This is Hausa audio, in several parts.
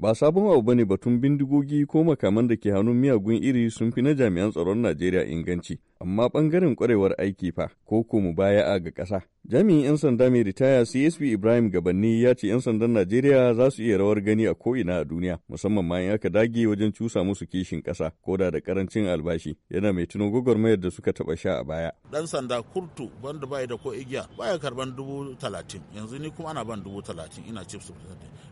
Ba sabon abu bane batun bindigogi ko makaman da ke hannun miyagun iri sun fi na jami'an tsaron Najeriya inganci, amma bangaren kwarewar aiki fa ko ko mu baya a ga ƙasa. Jami'in 'yan sanda mai ritaya CSP Ibrahim Gabanni ya ce 'yan sandan Najeriya za su iya rawar gani a ko ina a duniya, musamman ma in aka dage wajen cusa musu kishin ƙasa, ko da da karancin albashi, yana mai tuno gwagwarmayar da suka taɓa sha a baya. Ɗan sanda kurtu banda bai da ko igiya baya karban dubu talatin, yanzu ni kuma ana ban dubu talatin ina chief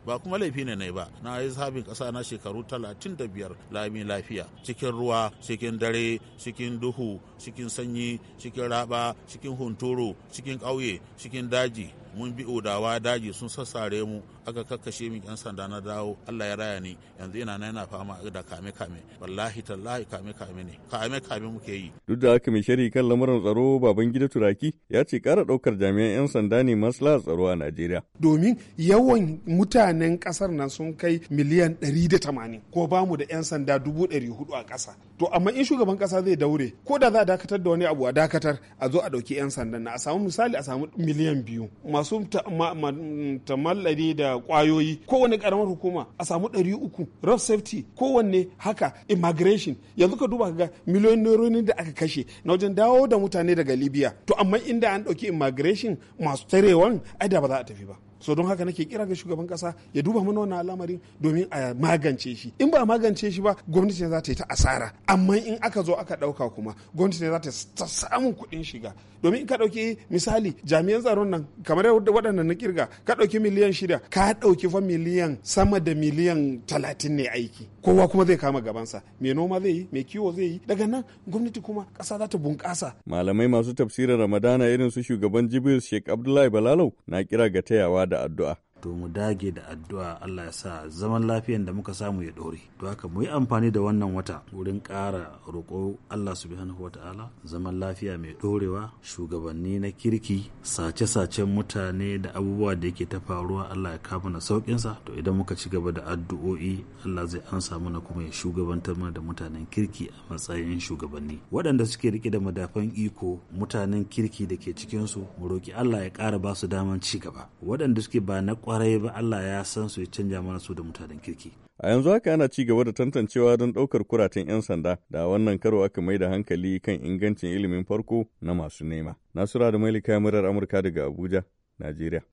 ba kuma laifi ne na ba, na na yi zabin ƙasa na shekaru 35 lami lafiya cikin ruwa cikin dare cikin duhu cikin sanyi cikin raba cikin hunturu cikin ƙauye cikin daji mun bi odawa daji sun sassare mu aka kakkashe mu yan sanda na dawo Allah ya raya ni yanzu ina nan yana fama da kame kame wallahi tallahi kame kame ne kame kame muke yi duk da haka mai shari kan lamarin tsaro baban gida turaki ya ce kara daukar jami'an yan sanda ne maslahar tsaro a Najeriya domin yawan mutanen kasar nan sun kai miliyan 180 ko bamu da yan sanda 400 a kasa to amma in shugaban kasa zai daure ko da za a dakatar da wani abu a dakatar a zo a dauki yan sandan na a samu misali a samu miliyan biyu masu tamallari da kwayoyi kowane karamar hukuma a samu ɗari uku rough safety kowanne haka immigration yanzu ka duba ga miliyoyin neuronin da aka kashe na wajen dawo da mutane daga libya to amma inda an ɗauki immigration masu tarewan ai da ba za a tafi ba so don haka nake kira ga shugaban kasa ya duba mana wannan al'amarin domin a magance shi in ba a magance shi ba gwamnati ne za ta yi ta asara amma in aka zo aka dauka kuma gwamnati ne za ta samun kuɗin shiga domin in ka dauki misali jami'an tsaron nan kamar waɗannan na kirga ka dauki miliyan shida ka dauki fa miliyan sama da miliyan talatin ne aiki kowa kuma zai kama gabansa mai noma zai yi mai kiwo zai yi daga nan gwamnati kuma ƙasa za ta bunƙasa malamai masu tafsirin ramadana irin su shugaban jibril sheik abdullahi balalau na kira ga tayawa da addu'a. to mu dage da addu'a Allah ya sa zaman lafiyan da muka samu ya dore to haka mu yi amfani da wannan wata wurin ƙara roƙo Allah subhanahu wataala zaman lafiya mai dorewa shugabanni na kirki sace-sacen mutane da abubuwa da yake ta faruwa Allah ya kama na saukin sa to idan muka ci gaba da addu'o'i Allah zai ansa mana kuma ya shugabantar mana da mutanen kirki a matsayin shugabanni waɗanda suke rike da madafan iko mutanen kirki da ke cikin su mu roki Allah ya ƙara ba su daman ci gaba waɗanda suke ba na kwarai ba Allah ya san su ya canja mana su da mutanen kirki. A yanzu haka ana ci gaba da tantancewa don ɗaukar kuratan 'yan sanda da wannan karo aka mai da hankali kan ingancin ilimin farko na masu nema. Nasura da Malika Murar Amurka daga Abuja, Najeriya.